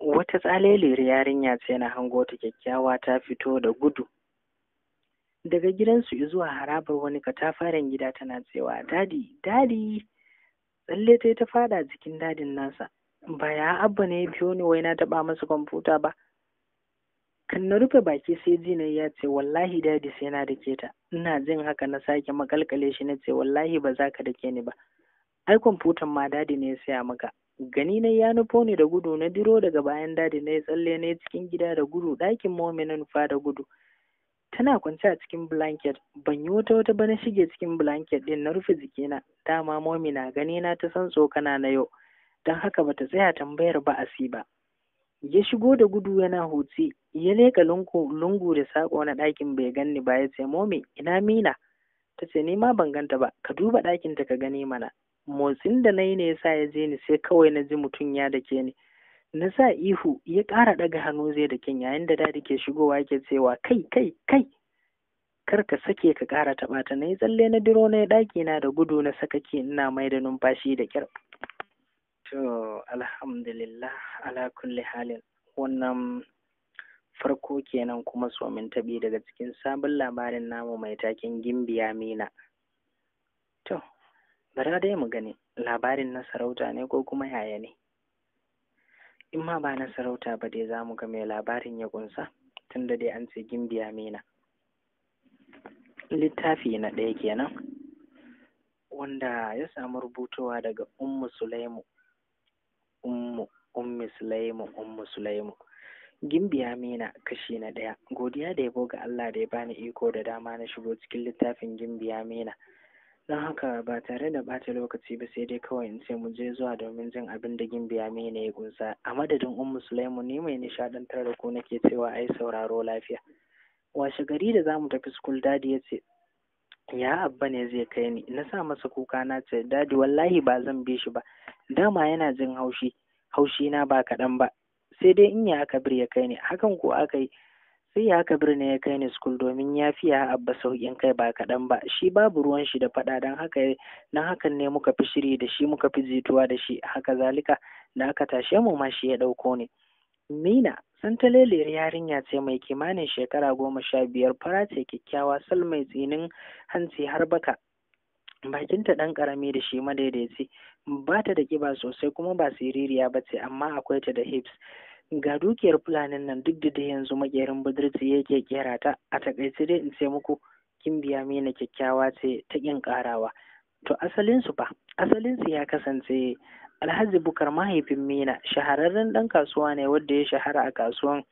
wata tsaleliyar yarinya ce na hango ta kyakkyawa ta fito da gudu daga gidansu zuwa harabar wani katafaren gida tana cewa dadi dadi tsalle ta ta fada jikin dadin nasa ba ya abba ne ya biyo ni wai na taba masa kwamfuta ba kan na rufe baki sai ji na ya ce wallahi dadi sai na dake ta ina jin haka na sake makalkale shi na ce wallahi ba za ka dake ni ba ai kwamfutan ma dadi ne ya saya maka gani na ya nufo ne da gudu na diro daga bayan dadi na ya tsalle na cikin gida da gudu ɗakin na nufa da gudu tana kwance a cikin blanket ban yi wata wata ba na shige cikin blanket ɗin na rufe jikina dama momi na gani na ta san tsokana na yau don haka bata tsaya tambayar ba asi ba ya shigo da gudu yana huci ya leka lungu da saƙo na ɗakin bai ganni ba ya ce momi ina mina ta ce ni ma ban ganta ba ka duba ɗakin ta ka gani mana motsin da na yi ne yasa ya je ni sai kawai na ji mutum ya dake ni na sa ihu ya ƙara ɗaga hannu zai da kin yayin da dadi ke shigowa ke cewa kai kai kai kar ka sake ka ƙara taɓa ta na yi tsalle na diro na ɗaki na da gudu na sakake ina mai da numfashi da ƙyar to alhamdulillah ala kulli halin wannan farko kenan kuma somin taɓi daga cikin sabon labarin namu mai takin gimbiya mina to bara dai mu gani labarin na sarauta ne ko kuma yaya ne in ma ba na sarauta ba dai za mu ga mai labarin ya kunsa tunda dai an ce Gimbi Amina. littafi na ɗaya kenan wanda ya samu rubutowa daga ummu sulaimu ummu ummi sulaimu ummu sulaimu gimbiya mina kashi na ɗaya godiya da yabo ga allah da ya bani iko da dama na shigo cikin littafin gimbiya mina don haka ba tare da bata lokaci ba sai dai kawai in ce mu je zuwa domin jin abin da gimbiya ne ya kunsa a madadin ummu sulaimu ni mai nishadantar da ku nake cewa ai sauraro lafiya washe gari da zamu tafi school dadi ya ce ya abba ne zai kai ni na sa masa kuka na ce dadi wallahi ba zan bi shi ba dama yana jin haushi haushi na ba kaɗan ba sai dai in ya aka bir ya kai ni hakan ko aka yi sai ya haka birnin ya kai ni school domin ya fiya abba sauƙin kai ba kaɗan ba shi babu ruwan shi da faɗa don haka nan hakan ne muka fi shiri da shi muka fi jituwa da shi haka zalika da aka tashe mu ma shi ya ɗauko ne mina santaleliyar yarinya ce mai kimanin shekara goma sha biyar fara ce kyakkyawa sal mai tsinin hanci har baka bakinta ɗan karami da shi madaidaici ba ta da kiba sosai kuma ba siririya ba ce amma akwai ta da hips ga dukiyar fulanin nan duk da yanzu makerin budurci yake kera ta a takaice dai in ce muku kin biya mena kyakkyawa ce ta kin karawa to asalinsu fa asalinsu ya kasance alhaji bukar mahaifin Mina shahararren dan kasuwa ne wanda ya shahara a kasuwan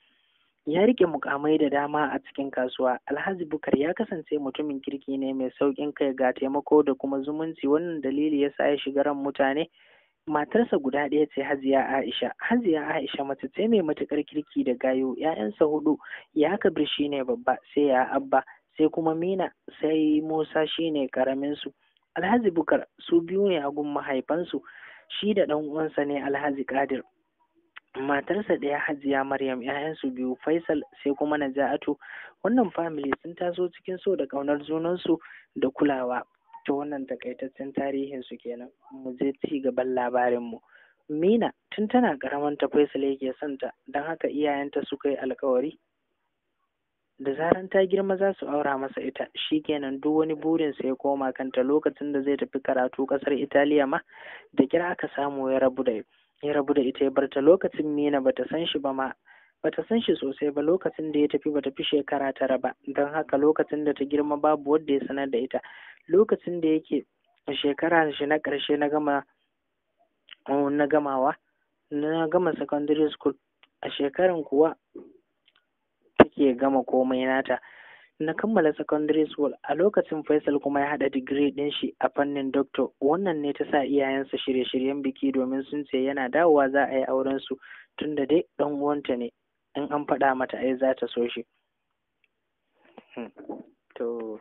ya rike mukamai da dama a cikin kasuwa alhaji bukar ya kasance mutumin kirki ne mai saukin kai ga taimako da kuma zumunci wannan dalili yasa ya shiga ran mutane matarsa guda ɗaya ce hajiya aisha hajiya aisha mace ce mai matuƙar kirki da gayo ‘ya'yansa hudu ya kabir shi ne babba sai ya abba sai kuma mina sai musa shi ne karaminsu alhaji bukar su biyu ne a mahaifansu shi da ɗan uwansa ne alhaji kadir matarsa ɗaya hajiya maryam ‘ya'yansu biyu faisal sai kuma naja'atu wannan famili sun taso cikin so da ƙaunar junansu da kulawa ta wannan takaitaccen tarihin su kenan. Mu je ci gaban labarin mu. Mina tun tana karaman ta Faisal yake son ta don haka iyayenta suka yi alkawari da zaran ta girma za su aura masa ita shi kenan duk wani burin sa ya koma kanta lokacin da zai tafi karatu kasar Italiya ma da kira aka samu ya rabu da ya rabu da ita ya barta lokacin Mina bata san shi ba ma bata san shi sosai ba lokacin da ya tafi bata fi shekara tara ba don haka lokacin da ta girma babu wanda ya sanar da ita lokacin da yake shekara shi na ƙarshe na gama na gamawa na gama secondary school a shekaran kuwa take gama komai nata na kammala secondary school a lokacin Faisal kuma ya haɗa digiri ɗin shi a fannin doctor wannan ne ta sa iyayensa shirye-shiryen biki domin sun ce yana dawowa za a yi auren su tunda dai ɗan uwanta ne in an faɗa mata ai za ta so shi hmm. to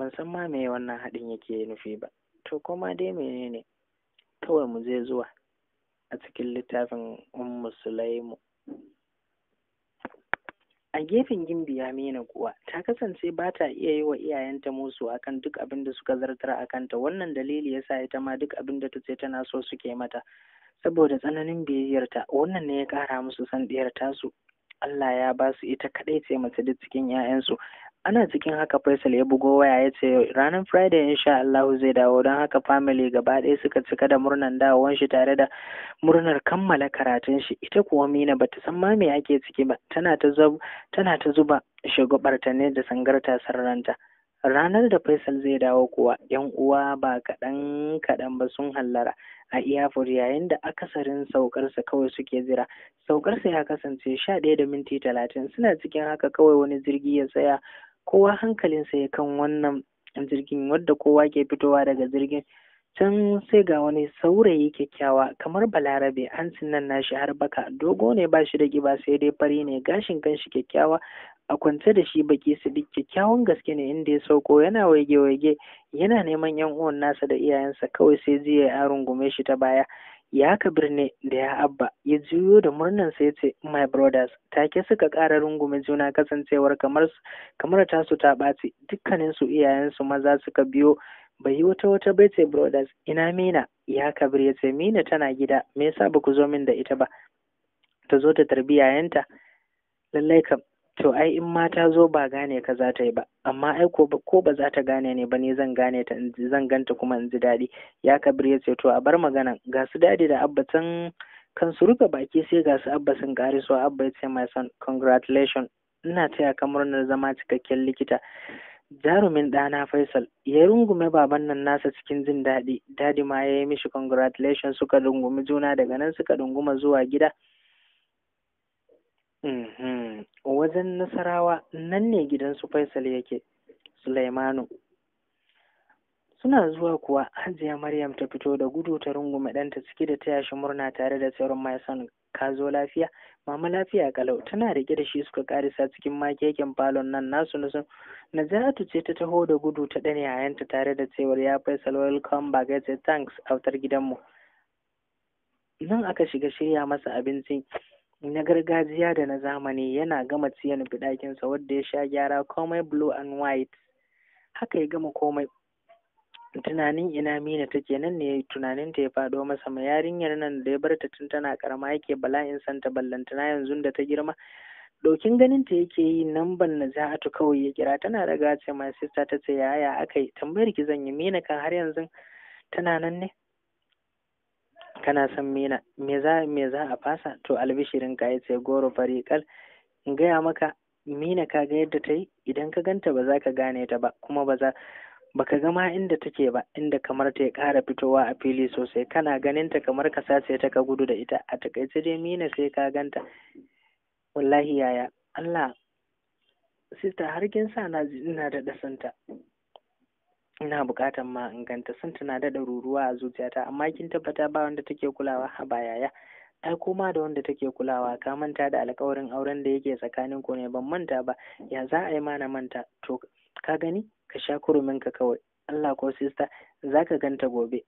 ban san ma me wannan haɗin yake nufi ba to kuma dai menene kawai mu je zuwa a cikin littafin ummu sulaimu a gefen gimbi Amina kuwa ta kasance ba ta iya yi wa iyayenta musu akan duk abin da suka zartar a kanta wannan dalili yasa ita ma duk abin da ta ce tana so suke mata saboda tsananin biyayyarta wannan ne ya kara musu san ɗiyar tasu Allah ya ba su ita kaɗai ce mace duk cikin ‘ya'yansu ana cikin haka Faisal ya bugo waya ya ce ranar Friday insha Allah zai dawo don haka family gaba ɗaya suka cika da murnar dawowan shi tare da murnar kammala karatun shi ita kuwa Mina bata san ma me ake ciki ba tana ta zuba tana ta ne da sangarta sarranta ranar da Faisal zai dawo kuwa yan uwa ba kaɗan kaɗan ba sun hallara a iyafur yayin da akasarin saukarsa kawai suke jira saukarsa ya kasance sha ɗaya da minti talatin suna cikin haka kawai wani jirgi ya tsaya kowa hankalinsa ya kan wannan jirgin wadda kowa ke fitowa daga jirgin can sai ga wani saurayi kyakkyawa kamar balarabe an nan nashi har baka dogo ne ba shi da kiba sai dai fari ne gashin kanshi kyakkyawa a kwance da shi baki su duk kyakkyawan gaske ne inda ya sauko yana waige waige yana neman yan uwan nasa da iyayensa kawai sai jiya ya rungume shi ta baya ya ka birne da ya abba ya juyo da murnan sai ce my brothers take suka kara rungume juna kasancewar kamar kamar su ta ɓaci dukkaninsu iyayensu maza suka biyo bai yi wata wata bai ce brothers ina mina ya kabir ya ce mina tana gida me yasa ba ku zo min da ita ba ta zo ta tarbi yayanta lallai kam to ai in ma ta zo ba gane ka za ta yi ba amma ai ko ba za ta gane ne ba ne zan gane ta zan ganta kuma in ji daɗi ya kabir ya ce to a bar magana ga su daɗi da abba can kan su baki sai ga su abba sun ƙari so abba ya ce mai son congratulation ina taya ka murnar zama cikakken likita jarumin ɗana faisal ya rungume baban nan nasa cikin jin daɗi dadi ma ya yi mishi congratulation suka rungumi juna daga nan suka runguma zuwa gida Mm-hmm. Wajen Nasarawa nan ne gidan su Faisal yake, Sulaimanu. Suna zuwa kuwa Hajiya Maryam ta fito da gudu ta rungume ɗanta ciki da taya shi murna tare da sauran mayasan ka zo lafiya, mama lafiya kalau tana riƙe da shi suka karisa cikin makeken falon nan nasu na sun. Najatu ce ta taho da gudu ta a yayanta tare da cewar ya Faisal welcome back ya ce thanks autar gidanmu. Nan aka shiga shirya masa abinci na gargajiya da na zamani yana gama ciyan ɗakinsa wadda ya sha gyara komai blue and white haka ya gama komai tunanin ina mina take nan ne tunanin ta ya faɗo masa ma yarinyar nan da ya bar ta tun tana karama yake bala'in santa ballantana yanzu da ta girma dokin ganinta ta yake yi nan ban na za'atu kawai ya kira tana daga ce my sister ta ce yaya aka yi tambayar ki zan yi mina kan har yanzu tana nan ne kana san Mina? me za me za a fasa to albishirin ka yace goro kal in gaya maka mina ka ga yadda ta yi idan ka ganta ba za ka gane ta ba kuma ba za baka ga ma inda take ba inda kamar ta ya kara fitowa a fili sosai kana ganin ta kamar ka sace ta ka gudu da ita a takaice dai mina sai ka ganta wallahi yaya Allah sista har kin sa na ina da dasanta ina buƙatan ma in ganta sun tana da ɗaruruwa a zuciyata amma kin tabbata ba wanda take kulawa a bayaya ai koma da wanda take kulawa ka manta da alƙawarin auren da yake tsakanin ku ne ban manta ba ya za a yi mana manta to ka gani ka sha kurumin ka kawai Allah ko sista za ka ganta gobe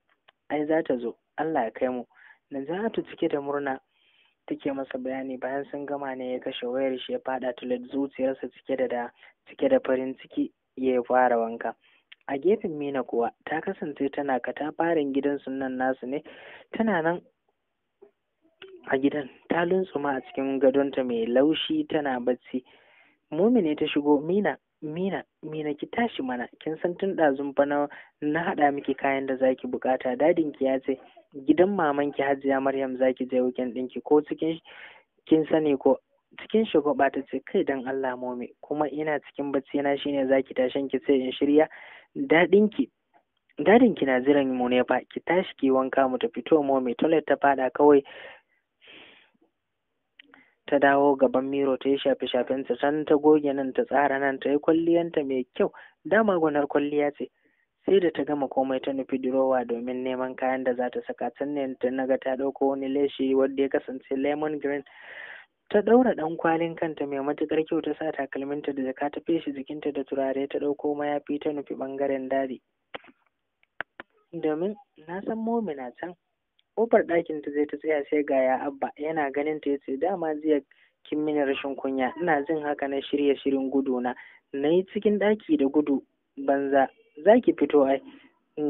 ai za ta zo Allah ya kai mu ta cike da murna take masa bayani bayan sun gama ne ya kashe wayar shi ya fada tulet zuciyarsa cike da da cike da farin ciki ya fara wanka a gefen mina kuwa ta kasance tana katafaren gidan sunan nasu ne tana nan a gidan ta luntsuma a cikin gadonta mai laushi tana bacci mumine ta shigo mina mina mina ki tashi mana kin san tun ɗazun fa na haɗa miki kayan da zaki bukata dadin ki ya ce gidan mamanki ki hajiya maryam zaki je wuken ɗinki ko cikin kin sani ko cikin ba ta ce kai dan allah momi kuma ina cikin bacci na shine zaki tashin ki sai in shirya daɗinki dadinki na jiran mu ne ba ki tashi ki wanka mu tafi to mo mai toilet ta fada kawai ta dawo gaban miro ta yi shafe shafen ta, san ta goge nan ta tsara nan ta yi kwalliyanta mai kyau dama gwanar kwalliya ce sai da ta gama komai ta nufi durowa domin neman kayan da za ta saka can ta naga ta ɗauko wani leshi wanda ya kasance lemon green ta ɗaura ɗan kwalin kanta mai matuƙar kyau ta sa takalminta da jaka ta feshi jikinta da turare ta ɗauko mayafi ta nufi ɓangaren dadi domin na san momina can ƙofar ɗakin ta zai ta tsaya sai ga ya abba yana ganin ta yace dama jiya kin mini rashin kunya ina jin haka na shirya shirin gudu na na yi cikin ɗaki da gudu banza za ki fito ai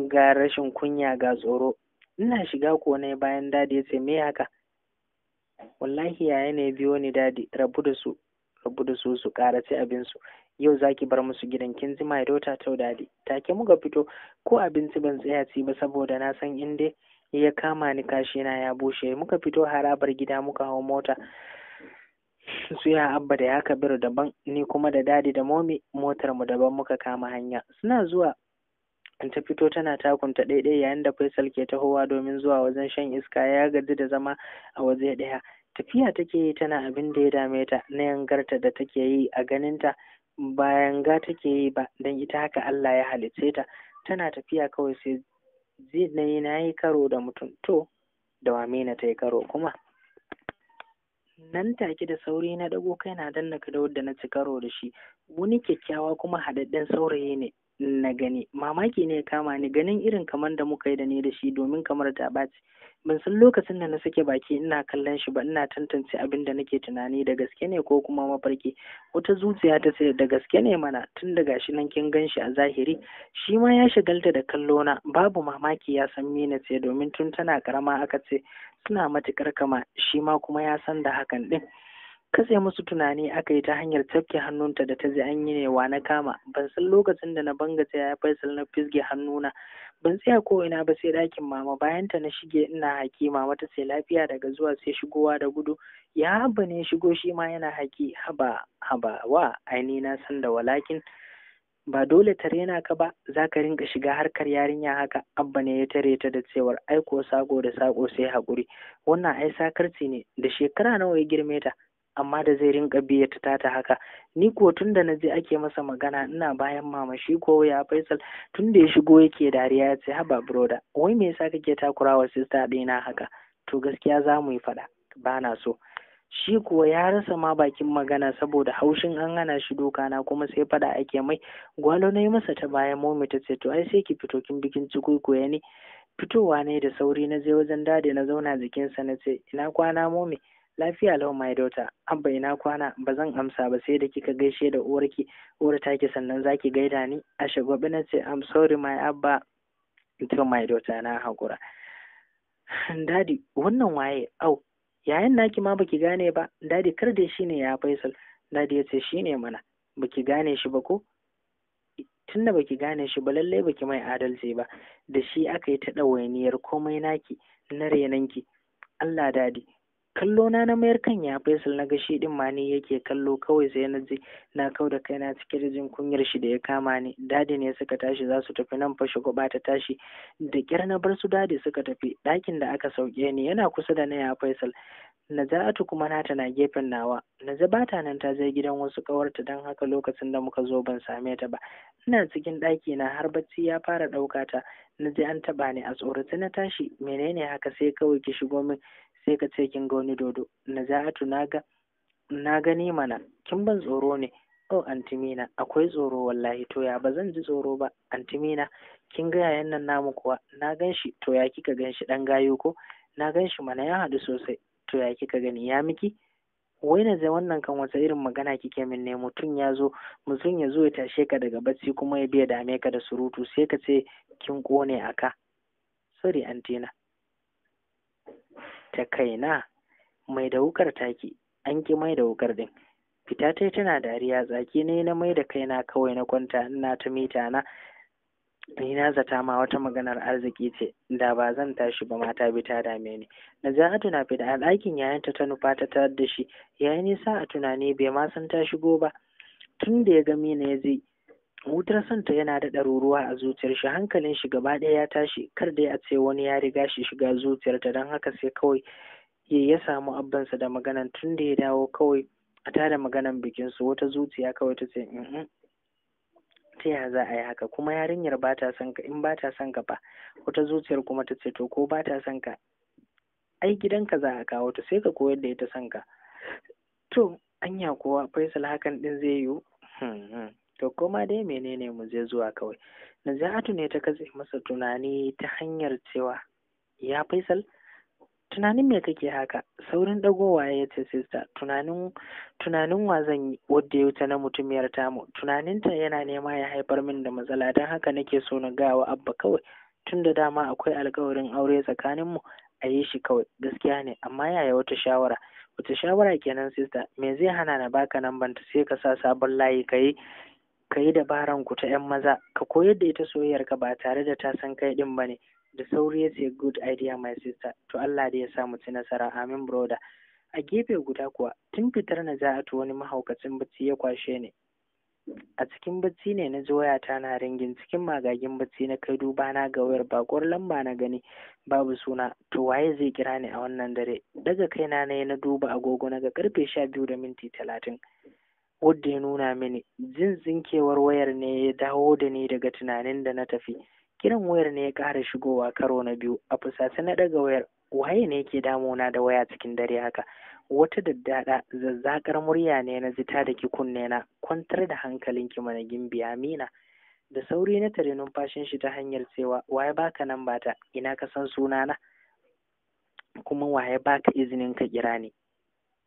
ga rashin kunya ga tsoro ina shiga ko ne bayan dadi yace me haka wallahi yaya ne biyo ni dadi rabu da su rabu da su su ƙara abin abinsu yau zaki bar musu gidan kin ji my daughter tau dadi take muka fito ko abinci ban tsaya ci ba saboda na san in ya kama ni kashi na ya bushe muka fito harabar gida muka hau mota su ya abba da ya kabiru daban ni kuma da dadi da momi motar mu daban muka kama hanya suna zuwa an ta fito tana takunta daidai yayin da Faisal ke tahowa domin zuwa wajen shan iska ya gaji da zama a waje ɗaya. Tafiya take yi tana abin da ya dame ta na yangarta da take yi a ganinta ba yanga take yi ba don ita haka Allah ya halicce ta. Tana tafiya kawai sai zai na yi karo da mutum to da wamena ta yi karo kuma. nan take da sauri na dago kai na danna kadawar da na ci karo da shi wani kyakkyawa kuma haɗaɗɗen saurayi ne na gani mamaki ne ya kama ni ganin irin kamar da muka yi da ni da shi domin kamar ta ɓaci ban san lokacin da na sake baki ina kallon shi ba ina tantance abin da nake tunani da gaske ne ko kuma mafarki wata zuciya ta ce da gaske ne mana tun daga shi nan kin gan shi a zahiri shi ma ya shagalta da kallo na babu mamaki ya san me na ce domin tun tana karama aka ce suna matukar kama shi ma kuma ya san da hakan din katse musu tunani aka yi ta hanyar tafke hannunta da ta ji an yi newa na kama ban san lokacin da na ta ya faisal na fisge hannuna ban tsaya ko ina ba sai ɗakin mama bayan ta na shige ina haki mama ta sai lafiya daga zuwa sai shigowa da gudu ya haba ne shigo shi ma yana haki haba haba wa aini na san da walakin ba dole ta rena ka ba za ka rinka shiga harkar yarinya haka abba ne ya tare ta da cewar aiko sago, da sako sai haƙuri wannan ai sakarci ne da shekara nawa ya girme ta amma da zai rinka biya ta tata haka ni ko tun da na je ake masa magana ina bayan mama shi ko ya faisal tun da ya shigo yake dariya ya ce haba broda wai me yasa kake takura wa sista ɗina haka to gaskiya za mu yi faɗa ba na so shi kuwa ya rasa ma bakin magana saboda haushin an hana shi doka na kuma sai faɗa ake mai gwalo na yi masa ta bayan momi ta ce to ai sai ki fito kin bikin cikuikuya ne fitowa ne da sauri na je wajen dade na zauna jikinsa na ce ina kwana momi lafiya lau my daughter abba ina kwana ba zan amsa ba sai da kika gaishe da uwarki uwar taki sannan zaki gaida ni a shagwabi na ce i'm sorry my abba to my daughter na hakura dadi wannan waye au yayan naki ma baki gane ba dadi kar da shi ne ya faisal dadi ya ce shi ne mana baki gane shi ba ko tunda baki gane shi ba lallai baki mai adalci ba da shi aka yi ta ɗawainiyar komai naki na renanki Allah dadi kallo na na mayar kan ya faisal na gashi din ma ni yake kallo kawai sai na ji na kau da kaina cike da jin kunyar shi da ya kama ni dadi ne suka tashi za su tafi nan fashe gaba ta tashi da kyar na bar su dadi suka tafi ɗakin da aka sauke ni yana kusa da na ya faisal Naja'atu kuma nata na gefen nawa. Naja ba ta nan ta je gidan wasu ƙawarta, don haka lokacin da muka zo ban same ta ba. Ina cikin ɗaki na har bacci ya fara ɗauka ta. Na an taɓa ni a tsorata na tashi menene haka sai kawai ki shigo min sai ka ce kin ga wani dodo na na naga na gani mana kin ban tsoro ne oh antimina akwai tsoro wallahi to ya ba ji tsoro ba antimina kin ga yayan nan namu kuwa na gan shi to ya kika gan shi dan gayo ko na gan mana ya hadu sosai to ya kika gani ya miki wai na wannan kan wata irin magana kike min ne mutum ya zo mutum ya zo ya tashe ka daga bacci kuma ya biya dame ka da surutu sai ka ce kin kone aka sorry antina ta kaina mai da wukar taki an ki mai da wukar din fita tai tana dariya tsaki ne na mai da kaina kawai na kwanta ina ta mita na ni na zata ma wata maganar arziki ce da ba zan tashi ba mata bi ta dame ni na za a da al'akin yayin ta ta nufa ta tarar da shi yayin nisa a tunani bai ma san ta shigo ba tun da ya ga mina ya ji wutar santa yana da ɗaruruwa a zuciyar shi hankalin shi gaba ɗaya ya tashi kar dai a ce wani ya riga shi shiga zuciyarta don haka sai kawai ya samu abbansa da maganan tun da ya dawo kawai a tada maganan bikin su wata zuciya kawai ta ce ta ya za a yi haka kuma yarinyar ba ta son ka in ba ta son ka ba wata zuciyar kuma ta ce to ko ba ta son ka ai gidanka za a kawo ta sai ka koyar da ita son ka to anya kuwa faisal hakan din zai yiwu hmm, hmm. to koma dai menene mu zai zuwa kawai naziatu ne ta katse masa tunani ta hanyar cewa ya faisal tunanin me kake haka saurin dagowa ya ce sista tunanin tunanin wa zan yi wadda ya wuce na mutumiyar tamu tunaninta yana nema ya haifar min da matsala don haka nake so na gawa abba kawai tun da dama akwai alkawarin aure tsakanin mu a yi shi kawai gaskiya ne amma yaya wata shawara wata shawara kenan sista me zai hana na baka nan banta sai ka sa sabon layi ka yi ka yi dabaran ku ta ‘yan maza, ka koyar da ita soyayyar ka ba tare da ta san kai ɗin bane Da sauri ya ce good idea my sister, to Allah da ya sa mu ci nasara, amin brother. A gefe guda kuwa, tun fitar na za'atu wani mahaukacin bacci ya kwashe ne. A cikin bacci ne na ji wayata na ringin cikin magagin bacci na kai duba na ga wayar bakwar lamba na gani babu suna to waye zai kira ni a wannan dare daga kaina na na duba agogo na ga karfe sha biyu da minti talatin. wadda ya nuna mini zinzinkewar wayar ne ya dawo da ni daga tunanin da na tafi kiran wayar ne ya ƙara shigowa karo na biyu a fusace na ɗaga wayar waye ne yake damuna da waya cikin dare haka wata daddada zazzakar murya ne na zita da ki kunne na kwantar da hankalinki mana gimbi amina da sauri na tare numfashin shi ta hanyar cewa waye baka nan bata ina ka san sunana kuma waye baka izinin ka kira ni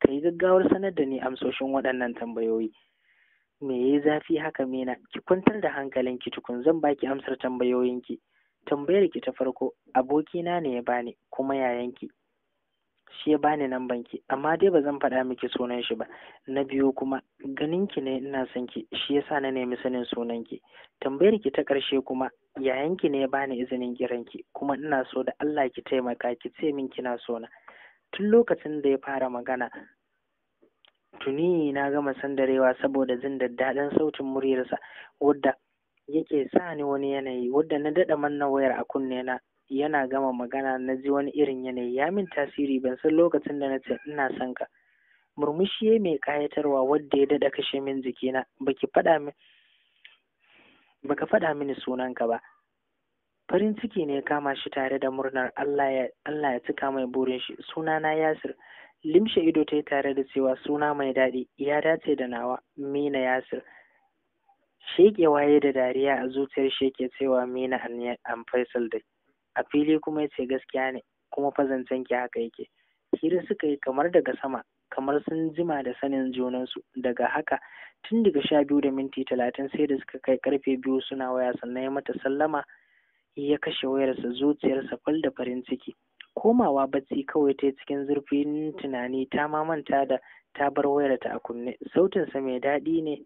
ka yi gaggawar sanar da ni amsoshin waɗannan tambayoyi me yi zafi haka mena ki kwantar da hankalinki tukun zan baki amsar tambayoyinki tambayar ki ta farko abokina ne ya bani kuma yayanki shi ya bani nan banki amma dai ba zan faɗa miki sunan shi ba na biyu kuma ganinki ne ina son ki shi yasa na nemi sanin sunanki tambayar ki ta ƙarshe kuma yayanki ne ya bani izinin kiranki kuma ina so da Allah ki taimaka ki ce min kina so tun lokacin da ya fara magana tuni na gama sandarewa saboda jin daddaɗin sautin muryarsa wadda yake sa ni wani yanayi wadda na daɗa manna wayar a kunne na yana gama magana na ji wani irin yanayi ya min tasiri ban san lokacin da na ce ina son ka murmushi ya mai ƙayatarwa wadda ya daɗa kashe min jikina baki faɗa min baka faɗa mini sunanka ba farin ciki ne ya kama shi tare da murnar Allah ya cika mai burin shi sunana Yasir limshe ido ta yi tare da cewa suna mai daɗi ya dace da nawa Mina Yasir sheke waye da dariya a zuciyar sheke cewa Mina an Faisal da a fili kuma ce gaskiya ne kuma fazancen ki haka yake hira suka yi kamar daga sama kamar sun jima da sanin junansu daga haka tun daga sha biyu da minti talatin sai da suka kai karfe biyu suna waya sannan ya mata sallama ya kashe wayarsa zuciyarsa fal da farin ciki komawa bacci kawai ta cikin zurfin tunani ta mamanta da ta bar wayarta a kunne sautinsa mai daɗi ne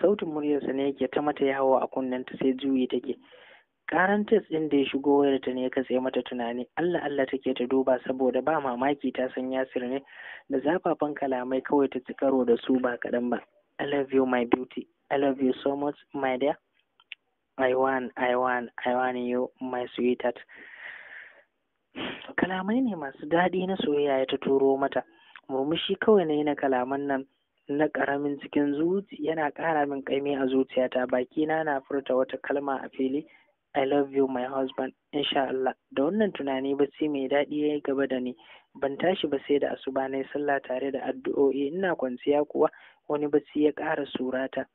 sautin muryarsa ne yake ta mata hawa a kunnen ta sai juyi take karan tes ɗin da ya shigo wayarta ne ya katse mata tunani allah allah take ta duba saboda ba mamaki ta san yasir ne da zafafan kalamai kawai ta ci karo da su ba kaɗan ba i love you my beauty i love you so much my dear I want, I want, I want you, my sweetheart. Kalamai ne masu daɗi na soyayya ya ta turo mata, murmushi kawai na yi na kalaman nan na ƙaramin cikin zuci yana ƙara min ƙaimi a zuciyata bakina na furta wata kalma a fili I love you my husband insha Allah da wannan tunani bacci mai daɗi ya yi gaba da ni ban tashi ba sai da asuba na sallah tare da addu'o'i ina kwanciya kuwa wani bacci ya ƙara surata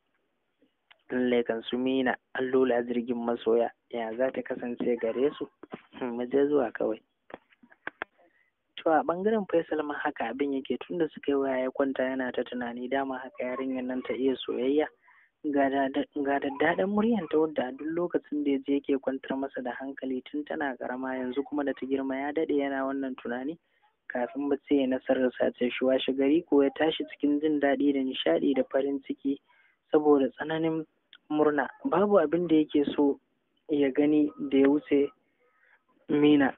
lallai kan su mina allola jirgin masoya ya za ta kasance gare su hmm, mu zuwa kawai to a bangaren faisal ma haka abin yake tunda suka yi waya ya kwanta yana ta tunani dama haka yarinyar nan ta iya soyayya ga daddaɗan muryan ta wadda a duk lokacin da ya je yake kwantar masa da hankali tun tana karama yanzu kuma da ta girma ya daɗe yana wannan tunani kafin sai ya nasarar sace shi washe gari ko ya tashi cikin jin daɗi da nishaɗi da farin ciki saboda tsananin murna babu abin da yake so ya gani da ya wuce mina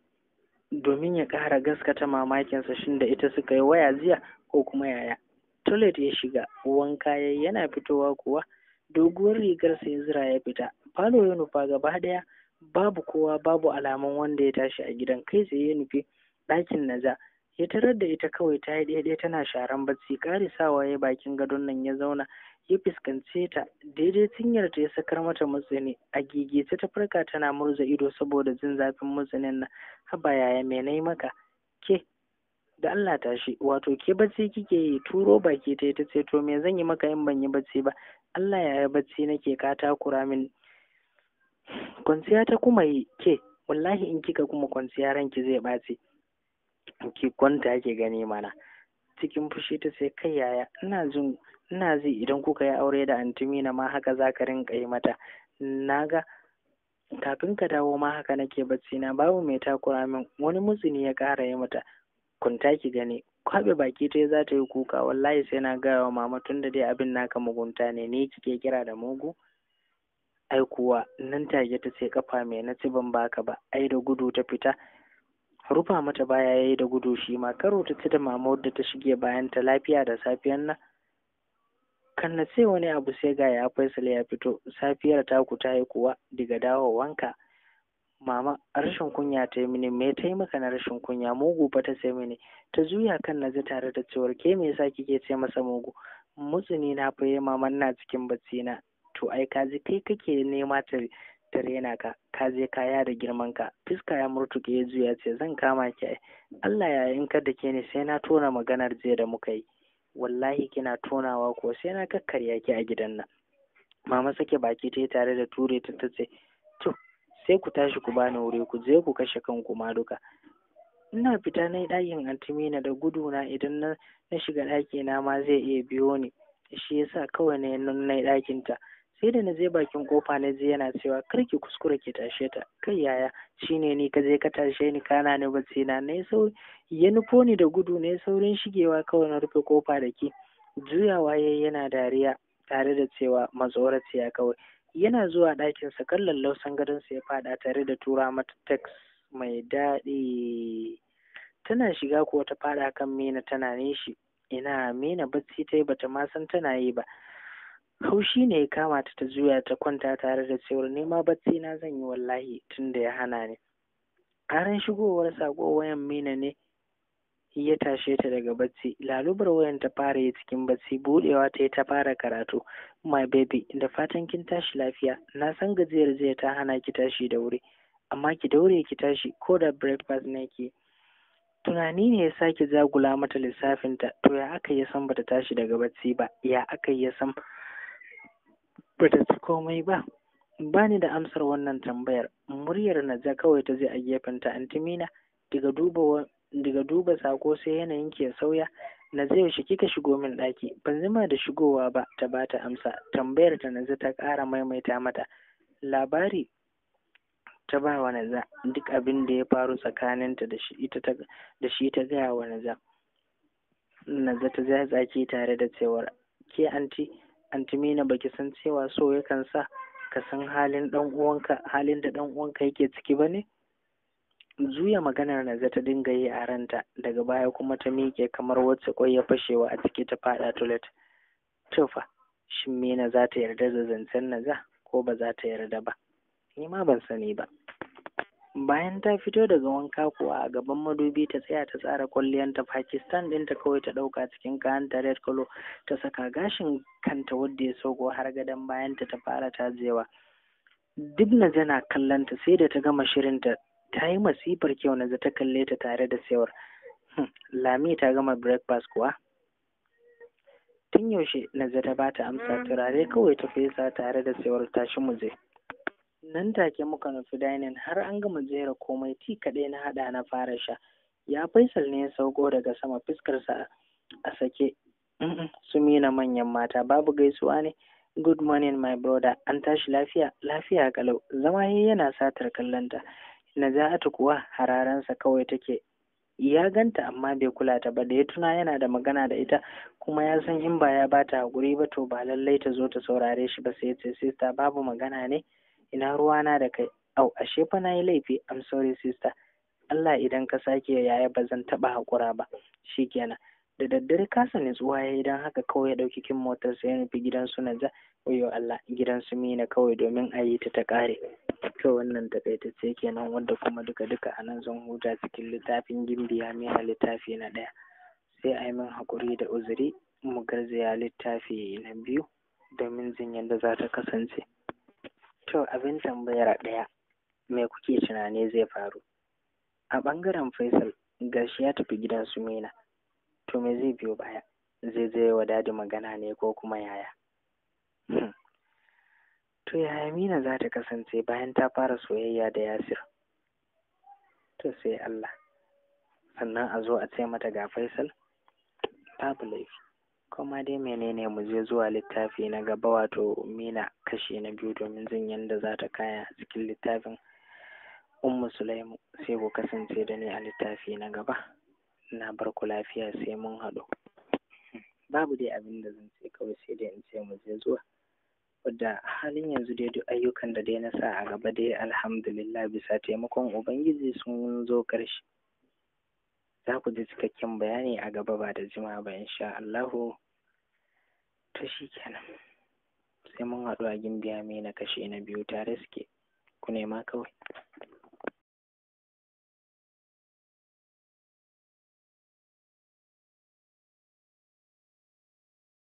domin ya ƙara gaskata mamakinsa shin da ita suka yi waya jiya ko kuma yaya toilet ya shiga wanka yayi yana fitowa kuwa doguwar rigarsa ya zira ya fita falo ya nufa gaba ɗaya babu kowa babu alamun wanda ya tashi a gidan kai sai ya nufi ɗakin naza ya tarar da ita kawai ta yi daidai tana sharan bacci kare ya bakin gadon nan ya zauna ya fuskance ta daidai cinyar ta ya sakar mata mutsini a gigice ta farka tana murza ido saboda jin zafin matsinin nan haba yaya me yi maka ke da Allah tashi wato ke bacci kike yi turo baki ta ta ce to me zan yi maka in ban yi bacci ba Allah yaya bacci nake ka takura min kwanciya ta kuma yi ke wallahi in kika kuma kwanciya ranki zai ɓaci ki kwanta ke gani mana cikin fushi ta sai kai yaya ina jin ina ji idan kuka yi aure da antimina ma haka za ka rinka yi mata na ga kafin ka dawo ma haka nake bacci na babu mai takura min wani mutsini ya ƙara yi mata kunta ki gani kwaɓe baki ta za ta yi kuka wallahi sai na gaya wa mama tun da dai abin naka mugunta ne ne kike kira da mugu ai kuwa nan take ta ce kafa mai na ci ban baka ba ai da gudu ta fita rufa mata baya yayi da gudu shi ma karo ta ci da mama wadda ta shige bayan ta lafiya da safiyan nan kan sai wani abu sai ga ya faisal ya fito safiyar taku ta yi kuwa daga dawowanka mama rashin kunya ta yi mini me ta yi maka na rashin kunya mugu ba ta sai mini ta zuya kan na ji tare da cewar ke me yasa kike ce masa mugu mutsuni na fa maman na cikin bacci na to ai ka ji kai kake nema ta ta rena ka ka je kaya da girman ka fiska ya murtuke ya juya ce zan kama ki Allah ya in ka da ke ne sai na tona maganar jiya da muka yi wallahi kina tonawa ko sai na kakkarya ki a gidan nan mama sake baki ta tare da ture ta ta ce to sai ku tashi ku bani wuri ku je ku kashe kanku ma duka ina fita na ɗakin antimina da gudu na idan na shiga ɗaki na ma zai iya biyo ni shi yasa kawai na yi ɗakin ta sai da na je bakin kofa na je yana cewa kar ki kuskura ki tashe ta kai yaya shine ni ka je ka tashe ni kana ne ba na ne sau ya nufo ni da gudu ne saurin shigewa kawai na rufe kofa da ke juyawa yayi yana dariya tare da cewa matsoraciya kawai yana zuwa ɗakinsa kan lallausan sa ya faɗa tare da tura mata text mai daɗi tana shiga kuwa ta faɗa kan mena tana nishi ina mena bacci ta yi bata ma san tana yi ba haushi ne ya kamata ta ta juya ta kwanta tare da cewar nema bacci na zan yi wallahi tun da ya hana ni ƙaran shigowar sako wayan mina ne ya tashe ta daga bacci lalubar wayan ta fara yi cikin bacci budewa ta yi ta fara karatu my baby da fatan kin tashi lafiya na san gajiyar zai ta hana ki tashi da wuri amma ki daure ki tashi ko da breakfast na ki tunani ne ya sake zagula mata lissafinta to ya aka ya san bata tashi daga bacci ba ya aka ya san ba ta komai ba ba ni da amsar wannan tambayar muryar na za kawai ta je a gefenta antimina daga duba sako sai yanayin ke sauya na zai yaushe kika shigo min ɗaki ban zama da shigowa ba ta ba ta amsa tambayar ta naza ta ƙara maimaita mata labari ta ba wa za, duk abin da ya faru tsakaninta da ta da shi ta gaya wa na za ta tsaki tare da cewar ke anti Antimina baki san cewa so yakan sa ka san halin dan uwanka halin da dan uwanka yake ciki ba ne Zuya maganar na ta dinga yi a ranta daga baya kuma ta miƙe kamar wacce kwai ya fashewa a ciki ta faɗa toilet tufa shin Mina za ta yarda da zancen naza ko ba za ta yarda ba ni ma ban sani ba bayan ta fito daga wanka kuwa a gaban madubi ta tsaya ta tsara kwalliyanta pakistan ɗinta kawai ta ɗauka cikin kayanta red color ta saka gashin kanta wadda ya sauko har gadon bayan ta fara tajewa duk na jana kallonta sai da ta gama shirinta ta yi masifar kyau na ta kalle ta tare da sewar hmm, lami ta gama breakfast kuwa tun yaushe na ta bata amsa turare kawai ta fesa tare da sewar tashi muje nan take muka nufi dining har an gama jera komai ti kaɗai na haɗa na fara sha ya faisal ne ya sauko daga sama fuskarsa a sake su mina manyan mata babu gaisuwa ne good morning my brother an tashi lafiya lafiya kalau zama yi yana satar kallonta naja'atu kuwa hararansa kawai take ya ganta amma bai kula ta ba da ya tuna yana da magana da ita kuma ya san in ba ya bata hakuri ba to ba lallai ta zo ta saurare shi ba sai ce ta babu magana ne ina ruwana da kai au ashe fa na laifi i'm sorry sister Allah idan ka sake yaya ba zan taba hakura ba shikenan da daddare kasa san ya yi don haka kawai ya ɗauki kin motar sai ya nufi gidan su na ja wayo Allah gidan su mina kawai domin a yi ta ta kare to wannan takaitacce kenan wanda kuma duka duka a nan zan huta cikin littafin gimbiya mina littafi na ɗaya sai a yi min haƙuri da uzuri mu garzaya littafi na biyu domin jin yadda za ta kasance To abin tambayar ɗaya, me kuke tunani zai faru? A ɓangaren Faisal, gashi ya tafi gidan su Maina. To me zai biyo baya? Zai je wa dadi magana ne ko kuma yaya? Hmm. To yaya Mina za ta kasance bayan ta fara soyayya da Yasir? To sai Allah. Sannan a zo a ce mata ga Faisal? Babu laifi. ma dai menene mu je zuwa littafi na gaba wato mina kashi na biyu domin jin yadda za ta kaya cikin littafin ummu sulaimu sai ku kasance da ni a littafi na gaba na bar ku lafiya sai mun haɗu babu dai abin da zan ce kawai sai dai in ce mu je zuwa wadda halin yanzu dai duk ayyukan da dai na sa a gaba dai alhamdulillah bisa taimakon ubangiji sun zo ƙarshe za ku ji cikakken bayani a gaba ba da jima'a ba insha Allahu to kenan sai mun haɗu a gimbiya mai na kashe na biyu tare suke ku nema kawai